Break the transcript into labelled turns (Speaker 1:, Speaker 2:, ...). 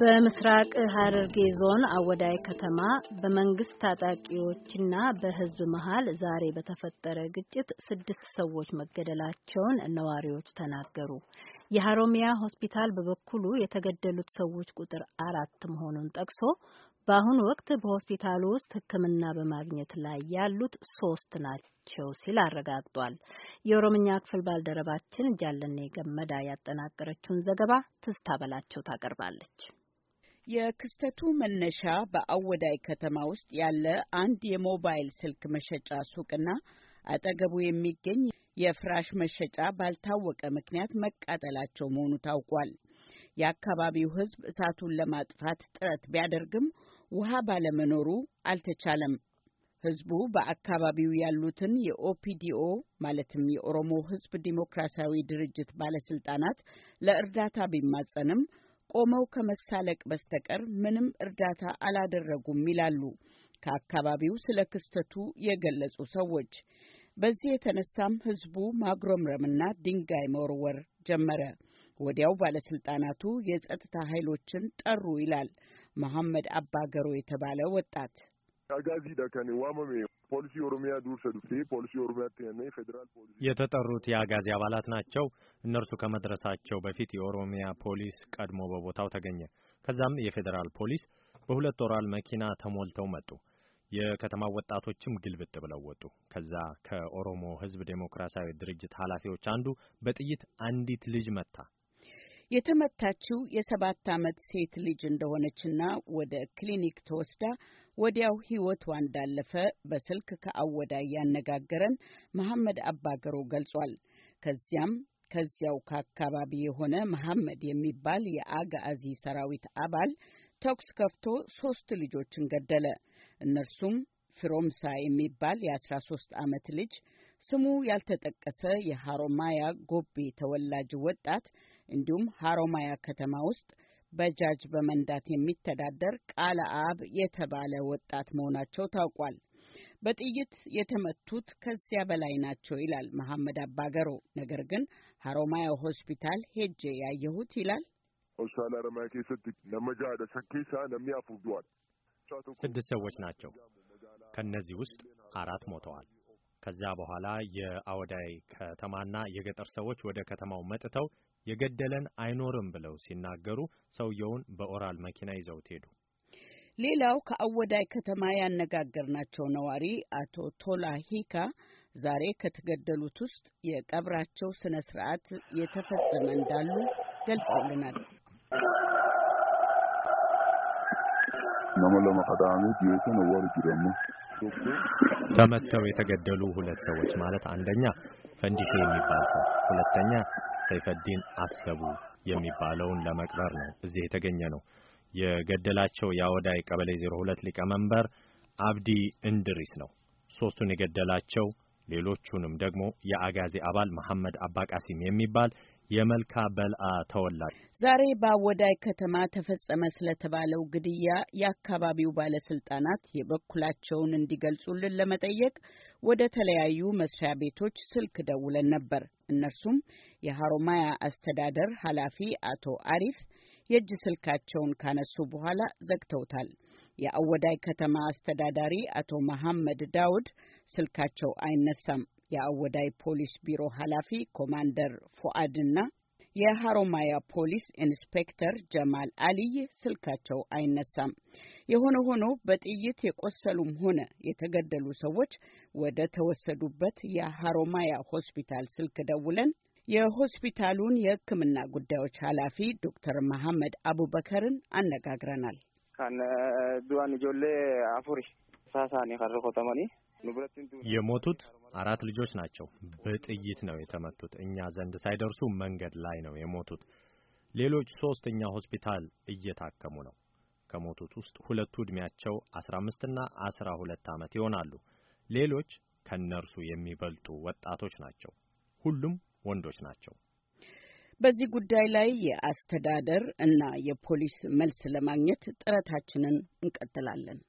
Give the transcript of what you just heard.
Speaker 1: በምስራቅ ሐረርጌ ዞን አወዳይ ከተማ በመንግስት ታጣቂዎችና በሕዝብ መሀል ዛሬ በተፈጠረ ግጭት ስድስት ሰዎች መገደላቸውን ነዋሪዎች ተናገሩ። የሀሮሚያ ሆስፒታል በበኩሉ የተገደሉት ሰዎች ቁጥር አራት መሆኑን ጠቅሶ በአሁኑ ወቅት በሆስፒታሉ ውስጥ ሕክምና በማግኘት ላይ ያሉት ሶስት ናቸው ሲል አረጋግጧል። የኦሮምኛ ክፍል ባልደረባችን ጃለኔ ገመዳ ያጠናቀረችውን ዘገባ ትዝታ በላቸው ታቀርባለች። የክስተቱ መነሻ በአወዳይ ከተማ ውስጥ ያለ አንድ የሞባይል ስልክ መሸጫ ሱቅና አጠገቡ የሚገኝ የፍራሽ መሸጫ ባልታወቀ ምክንያት መቃጠላቸው መሆኑ ታውቋል። የአካባቢው ሕዝብ እሳቱን ለማጥፋት ጥረት ቢያደርግም ውሃ ባለመኖሩ አልተቻለም። ሕዝቡ በአካባቢው ያሉትን የኦፒዲኦ ማለትም የኦሮሞ ሕዝብ ዲሞክራሲያዊ ድርጅት ባለስልጣናት ለእርዳታ ቢማጸንም ቆመው ከመሳለቅ በስተቀር ምንም እርዳታ አላደረጉም ይላሉ ከአካባቢው ስለ ክስተቱ የገለጹ ሰዎች። በዚህ የተነሳም ህዝቡ ማጉረምረምና ድንጋይ መወርወር ጀመረ። ወዲያው ባለስልጣናቱ የጸጥታ ኃይሎችን ጠሩ ይላል መሐመድ አባገሮ የተባለ ወጣት።
Speaker 2: ፖሊሲ ኦሮሚያ ዱር ፖሊሲ ኦሮሚያ ፌዴራል ፖሊሲ የተጠሩት የአጋዚ አባላት ናቸው። እነርሱ ከመድረሳቸው በፊት የኦሮሚያ ፖሊስ ቀድሞ በቦታው ተገኘ። ከዛም የፌዴራል ፖሊስ በሁለት ወራል መኪና ተሞልተው መጡ። የከተማ ወጣቶችም ግልብጥ ብለው ወጡ። ከዛ ከኦሮሞ ህዝብ ዴሞክራሲያዊ ድርጅት ኃላፊዎች አንዱ በጥይት አንዲት ልጅ መታ።
Speaker 1: የተመታችው የሰባት ዓመት ሴት ልጅ እንደሆነችና ወደ ክሊኒክ ተወስዳ ወዲያው ሕይወቷ እንዳለፈ በስልክ ከአወዳ ያነጋገረን መሐመድ አባገሮ ገልጿል። ከዚያም ከዚያው ከአካባቢ የሆነ መሐመድ የሚባል የአጋዚ ሰራዊት አባል ተኩስ ከፍቶ ሶስት ልጆችን ገደለ። እነርሱም ፊሮምሳ የሚባል የ13 ዓመት ልጅ፣ ስሙ ያልተጠቀሰ የሐሮማያ ጎቤ ተወላጅ ወጣት እንዲሁም ሀሮማያ ከተማ ውስጥ በጃጅ በመንዳት የሚተዳደር ቃለ አብ የተባለ ወጣት መሆናቸው ታውቋል። በጥይት የተመቱት ከዚያ በላይ ናቸው ይላል መሐመድ አባገሮ። ነገር ግን ሀሮማያ ሆስፒታል ሄጄ ያየሁት ይላል
Speaker 2: ስድስት ሰዎች ናቸው። ከእነዚህ ውስጥ አራት ሞተዋል። ከዛ በኋላ የአወዳይ ከተማና የገጠር ሰዎች ወደ ከተማው መጥተው የገደለን አይኖርም ብለው ሲናገሩ ሰውየውን በኦራል መኪና ይዘውት ሄዱ።
Speaker 1: ሌላው ከአወዳይ ከተማ ያነጋገርናቸው ነዋሪ አቶ ቶላ ሂካ ዛሬ ከተገደሉት ውስጥ የቀብራቸው ስነ ስርዓት የተፈጸመ እንዳሉ ገልጸውልናል።
Speaker 2: ነመለመ ቀዳሚ ዲዮትን ወር ጅረሙ ተመተው የተገደሉ ሁለት ሰዎች ማለት አንደኛ ፈንዲሾ የሚባል ሰው፣ ሁለተኛ ሰይፈዲን አሰቡ የሚባለውን ለመቅበር ነው እዚህ የተገኘ ነው። የገደላቸው የአወዳይ ቀበሌ 02 ሊቀመንበር አብዲ እንድሪስ ነው። ሶስቱን የገደላቸው ሌሎቹንም ደግሞ የአጋዜ አባል መሐመድ አባቃሲም የሚባል የመልካ በልአ ተወላጅ
Speaker 1: ዛሬ በአወዳይ ከተማ ተፈጸመ ስለተባለው ግድያ የአካባቢው ባለስልጣናት የበኩላቸውን እንዲገልጹልን ለመጠየቅ ወደ ተለያዩ መስሪያ ቤቶች ስልክ ደውለን ነበር። እነርሱም የሐሮማያ አስተዳደር ኃላፊ አቶ አሪፍ የእጅ ስልካቸውን ካነሱ በኋላ ዘግተውታል። የአወዳይ ከተማ አስተዳዳሪ አቶ መሐመድ ዳውድ ስልካቸው አይነሳም። የአወዳይ ፖሊስ ቢሮ ኃላፊ ኮማንደር ፎአድና የሀሮማያ ፖሊስ ኢንስፔክተር ጀማል አልይ ስልካቸው አይነሳም። የሆነ ሆኖ በጥይት የቆሰሉም ሆነ የተገደሉ ሰዎች ወደ ተወሰዱበት የሀሮማያ ሆስፒታል ስልክ ደውለን የሆስፒታሉን የሕክምና ጉዳዮች ኃላፊ ዶክተር መሐመድ አቡበከርን አነጋግረናል።
Speaker 2: የሞቱት አራት ልጆች ናቸው። በጥይት ነው የተመቱት። እኛ ዘንድ ሳይደርሱ መንገድ ላይ ነው የሞቱት። ሌሎች ሶስት እኛ ሆስፒታል እየታከሙ ነው። ከሞቱት ውስጥ ሁለቱ እድሜያቸው 15 እና 12 ዓመት ይሆናሉ። ሌሎች ከነርሱ የሚበልጡ ወጣቶች ናቸው። ሁሉም ወንዶች ናቸው።
Speaker 1: በዚህ ጉዳይ ላይ የአስተዳደር እና የፖሊስ መልስ ለማግኘት ጥረታችንን እንቀጥላለን።